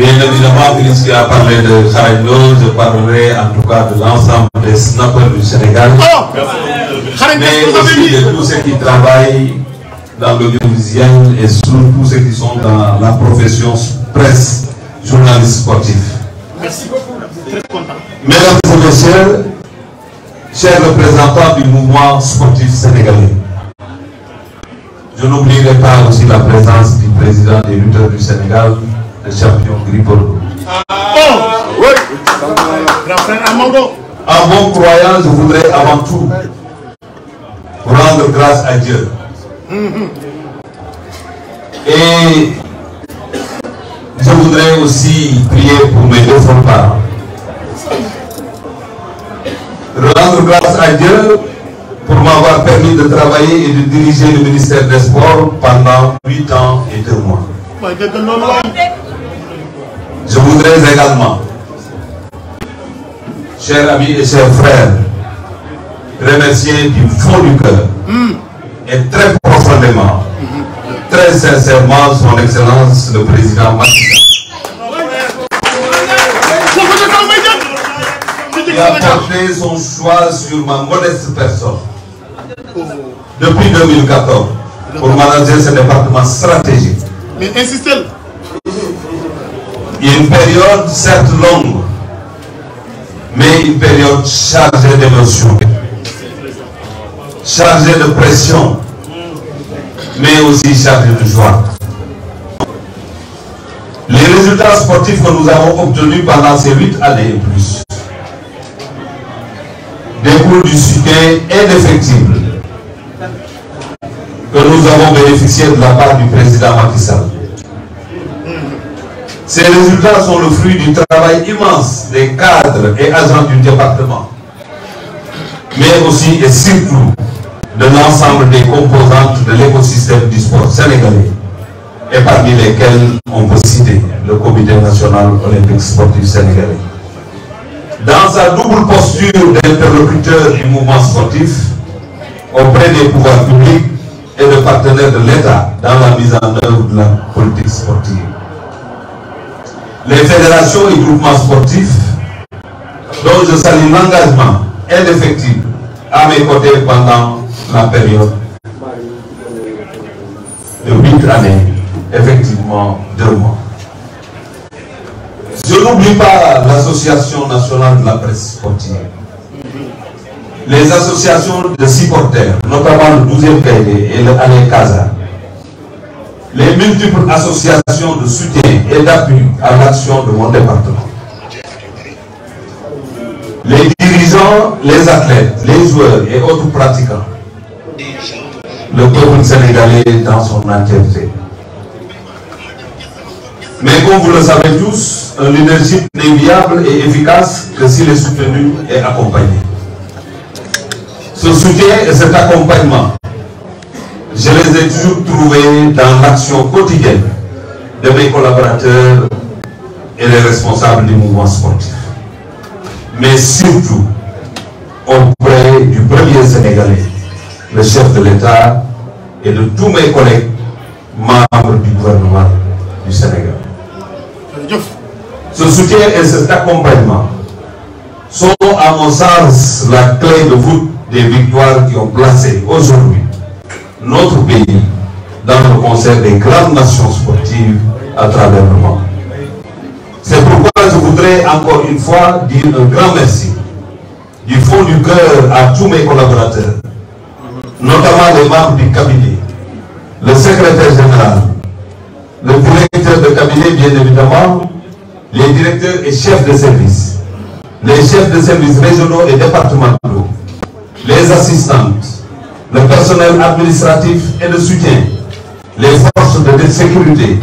Bien évidemment, Philippe a parlé de je parlerai en tout cas de l'ensemble des snappers du Sénégal. Oh, mais aussi de tous ceux qui travaillent dans l'audiovisuel et surtout ceux qui sont dans la profession presse, journaliste sportif. Merci beaucoup, très content. Mesdames et messieurs, chers représentants du mouvement sportif sénégalais, je n'oublierai pas aussi la présence du président des lutteurs du Sénégal, le champion grippolo. Oh, oui. En bon croyant, je voudrais avant tout rendre grâce à Dieu. Et je voudrais aussi prier pour mes deux frères Rendre grâce à Dieu pour m'avoir permis de travailler et de diriger le ministère des Sports pendant huit ans et deux mois. Bah, je voudrais également, chers amis et chers frères, remercier du fond du cœur mm. et très profondément, très sincèrement, son Excellence le Président Macky Il a porté son choix sur ma modeste personne depuis 2014 pour manager ce département stratégique. Mais insistez il y a Une période certes longue, mais une période chargée d'émotions, chargée de pression, mais aussi chargée de joie. Les résultats sportifs que nous avons obtenus pendant ces huit années et plus découlent du soutien indéfectible que nous avons bénéficié de la part du président Macky ces résultats sont le fruit du travail immense des cadres et agents du département, mais aussi et surtout de l'ensemble des composantes de l'écosystème du sport sénégalais, et parmi lesquelles on peut citer le Comité national olympique sportif sénégalais. Dans sa double posture d'interlocuteur du mouvement sportif auprès des pouvoirs publics et de partenaires de l'État dans la mise en œuvre de la politique sportive les fédérations et groupements sportifs, dont je salue l'engagement l'effectif à mes côtés pendant la période de huit années, effectivement deux mois. Je n'oublie pas l'Association nationale de la presse sportive, les associations de supporters, notamment le 12e PD et le 1er Casa, les multiples associations de soutien et d'appui à l'action de mon département. Les dirigeants, les athlètes, les joueurs et autres pratiquants. Le peuple sénégalais dans son entièreté. Mais comme vous le savez tous, un leadership n'est viable et efficace que s'il est soutenu et accompagné. Ce soutien et cet accompagnement je les ai toujours trouvés dans l'action quotidienne de mes collaborateurs et les responsables du mouvement sportif. Mais surtout, auprès du premier Sénégalais, le chef de l'État et de tous mes collègues membres du gouvernement du Sénégal. Ce soutien et cet accompagnement sont à mon sens la clé de voûte des victoires qui ont placé aujourd'hui notre pays dans le concert des grandes nations sportives à travers le monde. C'est pourquoi je voudrais encore une fois dire un grand merci du fond du cœur à tous mes collaborateurs, notamment les membres du cabinet, le secrétaire général, le directeur de cabinet bien évidemment, les directeurs et chefs de service, les chefs de services régionaux et départementaux, les assistantes, le personnel administratif et le soutien, les forces de sécurité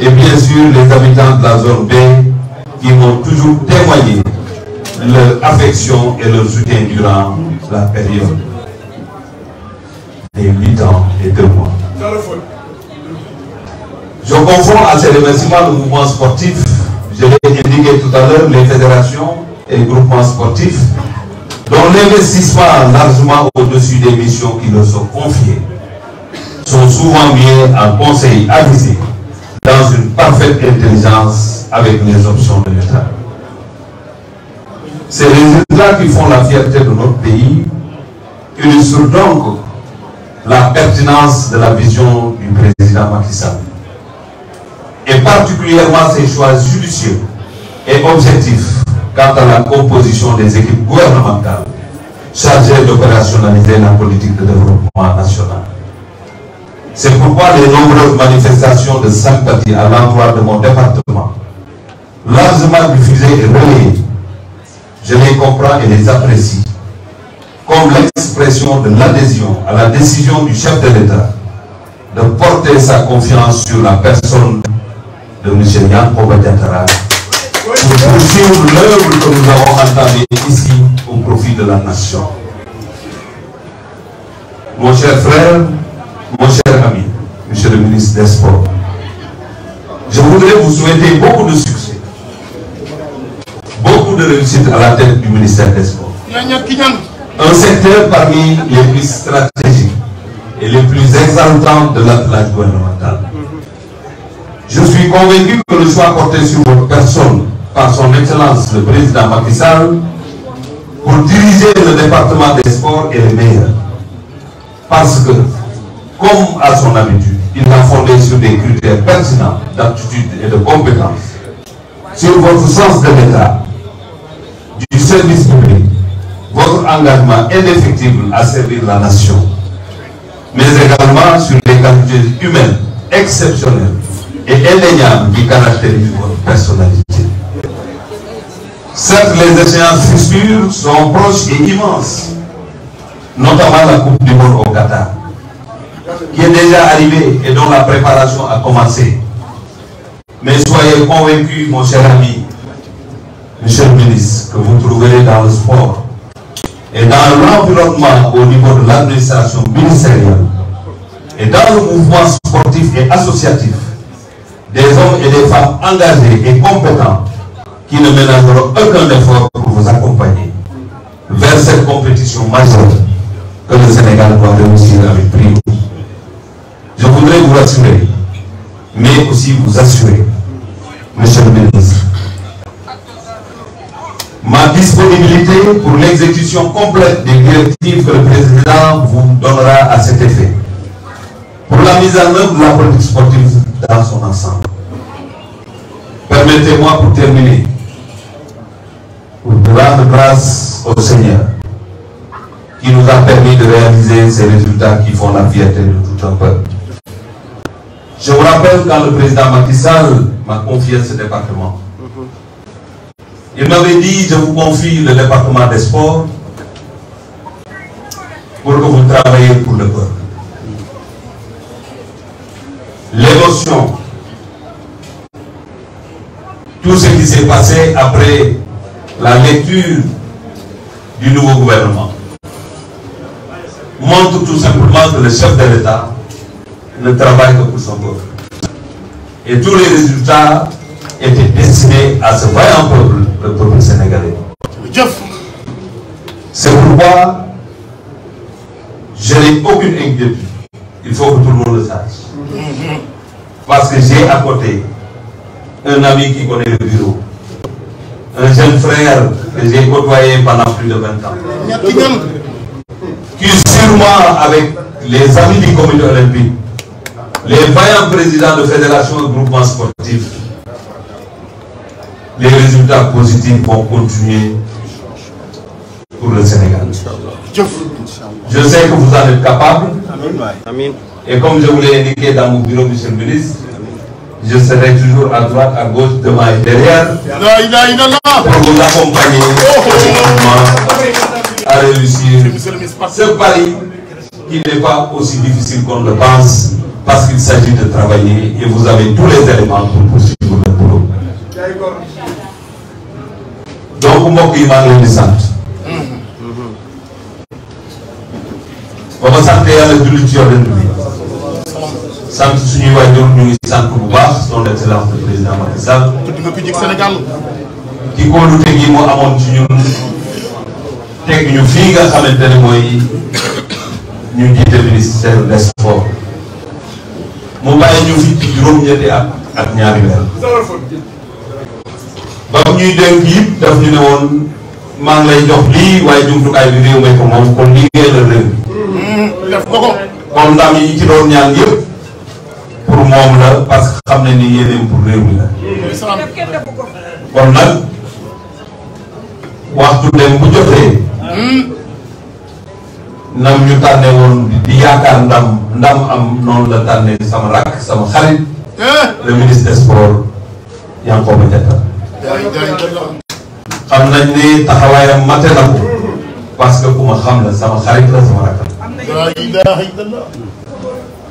et bien sûr les habitants de la zone B qui m'ont toujours témoigné leur affection et leur soutien durant la période des 8 ans et 2 mois. Je confonds à ces remerciements le mouvement sportif, je l'ai indiqué tout à l'heure, les fédérations et les groupements sportifs, dont l'investissement largement au-dessus des missions qui leur sont confiées sont souvent mis en conseil avisé dans une parfaite intelligence avec les options de l'État. Ces résultats qui font la fierté de notre pays illustrent donc la pertinence de la vision du président Macky Sall et particulièrement ses choix judicieux et objectifs quant à la composition des équipes gouvernementales chargées d'opérationnaliser la politique de développement national. C'est pourquoi les nombreuses manifestations de sympathie à l'endroit de mon département, largement diffusées et relayées, je les comprends et les apprécie, comme l'expression de l'adhésion à la décision du chef de l'État de porter sa confiance sur la personne de M. Yann pour poursuivre l'œuvre que nous avons entamée ici au profit de la nation. Mon cher frère, mon cher ami, monsieur le ministre des Sports, je voudrais vous souhaiter beaucoup de succès, beaucoup de réussite à la tête du ministère des Sports. Un secteur parmi les plus stratégiques et les plus exaltants de l'Atlantique gouvernementale. Je suis convaincu que le choix porté sur votre personne par son Excellence le Président Macky Sall pour diriger le département des sports et les meilleurs Parce que, comme à son habitude, il l'a fondé sur des critères pertinents d'aptitude et de compétences, sur votre sens de l'État, du service public, votre engagement indéfectible à servir la nation, mais également sur les qualités humaines exceptionnelles et indéniables qui caractérisent votre personnalité. Certes, les échéances futures sont proches et immenses, notamment la Coupe du Monde au Qatar, qui est déjà arrivée et dont la préparation a commencé. Mais soyez convaincus, mon cher ami, monsieur le ministre, que vous trouverez dans le sport et dans l'environnement au niveau de l'administration ministérielle et dans le mouvement sportif et associatif des hommes et des femmes engagés et compétents qui ne ménageront aucun effort pour vous accompagner vers cette compétition majeure que le Sénégal doit réussir avec prix. Je voudrais vous rassurer, mais aussi vous assurer, Monsieur le ministre, ma disponibilité pour l'exécution complète des directives que le président vous donnera à cet effet. Pour la mise en œuvre de la politique sportive dans son ensemble. Permettez-moi pour terminer pour rendre grâce au Seigneur qui nous a permis de réaliser ces résultats qui font la fierté de tout un peuple. Je vous rappelle quand le président Macky m'a confié ce département. Il m'avait dit, je vous confie le département des sports pour que vous travailliez pour le peuple. L'émotion, tout ce qui s'est passé après la lecture du nouveau gouvernement montre tout simplement que le chef de l'État ne travaille que pour son peuple. Et tous les résultats étaient destinés à ce vaillant peuple, le peuple sénégalais. C'est pourquoi je n'ai aucune inquiétude. Il faut que tout le monde le sache. Mhm. Parce que j'ai à côté un ami qui connaît le bureau, un jeune frère que j'ai côtoyé pendant plus de 20 ans, qui sûrement avec les amis du comité olympique, les vaillants présidents de fédérations et groupements sportifs, les résultats positifs vont continuer pour le Sénégal. Je sais que vous en êtes capable. Et comme je vous l'ai indiqué dans mon bureau, monsieur le ministre, je serai toujours à droite, à gauche, devant et derrière. Pour vous accompagner oh, oh, oh. à réussir ce pari qui n'est pas aussi difficile qu'on le pense parce qu'il s'agit de travailler et vous avez tous les éléments pour poursuivre le boulot. donc moi qui maa ngi leen de de sant suñu waajur ñu ngi sant bu baax son ci le président Macky Sall. tudd nga fi jig Sénégal. ci kóolu teg yi mo amone ci ñun tegg ñu fi nga xamantene moy ñu jité ministère des sports mu baye ñu fi ci juroom ñetti at ak ñaari wër ba ñuy dénk yi daf ñu ne ma ngi lay jox lii waaye jumtukaay bi réew may ko mom kon liggéey la réew. def hmm, ko ko. kon dam yi ya. ci doon ñaan yépp mom la parce que xam ni yéne pour rew mi la kon nak waxtu dem bu joxé nam ñu tané won di yaakar ndam ndam am non la tané sama rak sama xarit le ministre des sports Yankhoba Diattara xam nañ ne taxawaayam mate na ko parce que kuma xam la sama xarit la sama rak la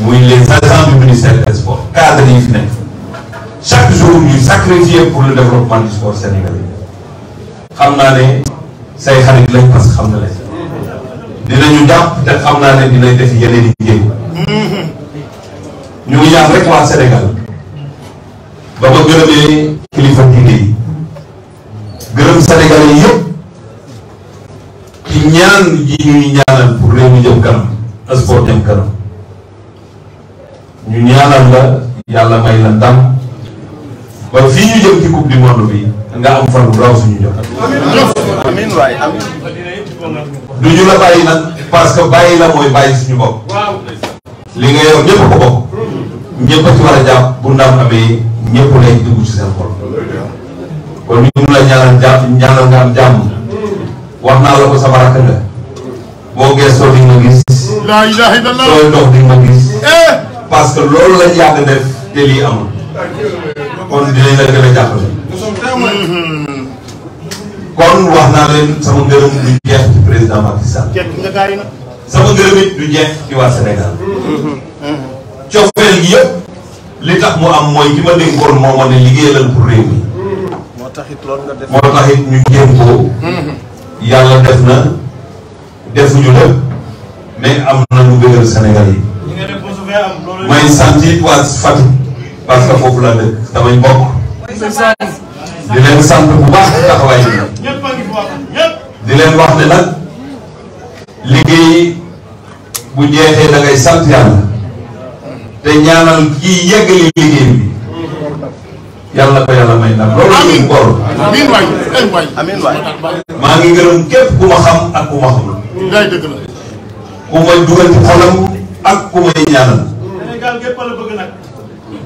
muy les agents du ministère des sports cadres yi nekk chaque jour ñuy sacrifier pour le développement du sport sénégalais xam naa ne say xarit lañ parce que xam na leen dinañu jàpp te xam naa ne dinañ def yeneen i jéego ñu ngi rek waa Sénégal ba ma gërëmee kilifa diine yi gërëm sénégalais yëpp ci ñaan yi ñuy ñaanal pour réew mi jëm kanam sport jëm kanam. ñu ñaanal la yàlla may la ndam ba fii ñu jëm ci coupe du bi nga am fan bu raw suñu la bàyyi nag parce que bàyyi la mooy bàyyi suñu bopp. li nga yor ko bokk. ñëpp a ci war a jàpp bu lay dugg ci seen xol. kon ñu la ñaanal jàmm ñaanal nga am jàmm. wax ko sama rakk nga. boo gëstoo di nga gis. la ilaha illallah sooy dox di nga gis. Eh! parce que loolu lañ yàgg def te lii amul kon dinañ la gën jàppale. kon wax naa leen sama ngërëm du jeex ci président Macky sama ngërëm it du jeex ci waa Sénégal. cofeel gi yëpp li tax mu am mooy ki ma moo ma ne liggéeyalal pour réew mi. moo tax it loolu nga def moo tax ñu jéem ko. yàlla def na defuñu lépp mais am na lu gënal Sénégal yi. may sant it waa parce que foofu laa dëkk damay bokk di leen sant bu baax taxawaay bi di leen wax ne nag liggéey bu jeexee da ngay sant yàlla te ñaanal bi ko yalla may ñu amin way amin way ma ngi gërëm ku ma xam ak ku ma la ku ma ci xolam ak ku may ñaanal. Sénégal gépp la bëgg nag.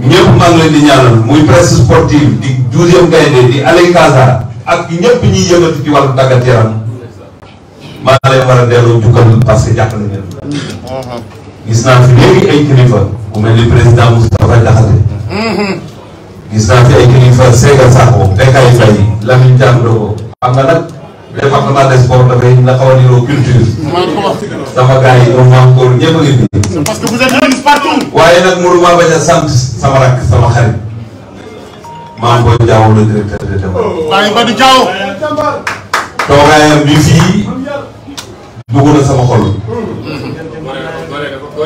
ñëpp maa ngi leen di ñaanal muy presse sportive di douzième gaynde di Aley Kaza ak ñëpp ñiy yëngatu ci wàllu tàggat yaram maa ngi leen war a delloo jukkal parce que jàppale ngeen. gis naa fi léegi ay kilifa ku mel ni président Moustapha Diakhaté. gis naa fi ay kilifa Séga Sakho Bekay Faye Lamine Diallo am nga nag. lépp xam naa ne dafay la culture. sama gars yi ñoom maam ngi parce que vous êtes un partout. waaye nag mënu maa bañ sama rakk sama xarit. maam Boy Diaw le directeur de bi na sama xol.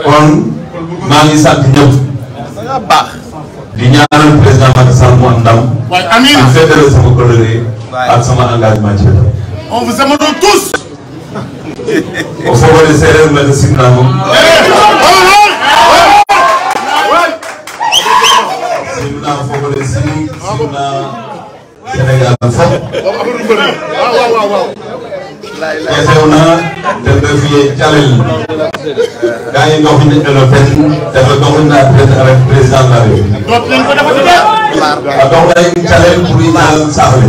kon maa ngi di ñaanal président Macky Sall mu am ndam. sama kóllëre ak sama engagement ci On vous aimerons tous. o fogole sereer mene simna fop simna fogole sinig simna Sénégal fop ke xewna ten refu ye calel ga i ndoxin ino ten tefe doxina ten a ref président de la République a doxna in calel pour i ñaal saax le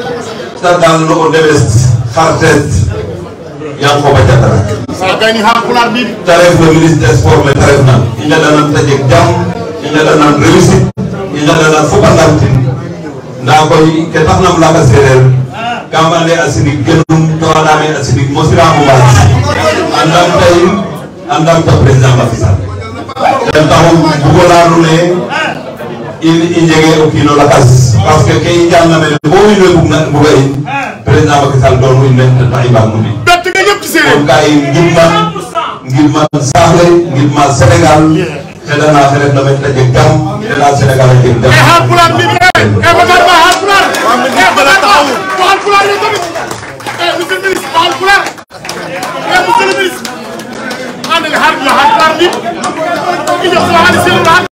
tentang lu Ondebes Fartet yang kau taref le ministre des sports le taref nan i ñaɗanan tajeg jam i ñaɗanan réussite i ñaɗanan fopa ndamtin nda koy ke taxnam laga sereer kam ande a sinig genum to andame a sinig mosiramo mbaas a ndam tayin a ndam ta président Macky Sall ten taxu bugona nu ne i njege parce que kay jàngame ne boo wéyulee bu bu bëri président Macky Sall doon wuñ leen te tax i baax mu ne. bett nga ñëpp ci séeréer kon kaay ngir man ngir man Saalé ngir man Sénégal te danaa fi rek damay tëjee gam te naa Sénégal a jëm dem. waxal pulaar bi tamit eh, monsieur le ministre waxal pulaar eh, monsieur le ministre ànd nga xaar nga xaar pulaar bi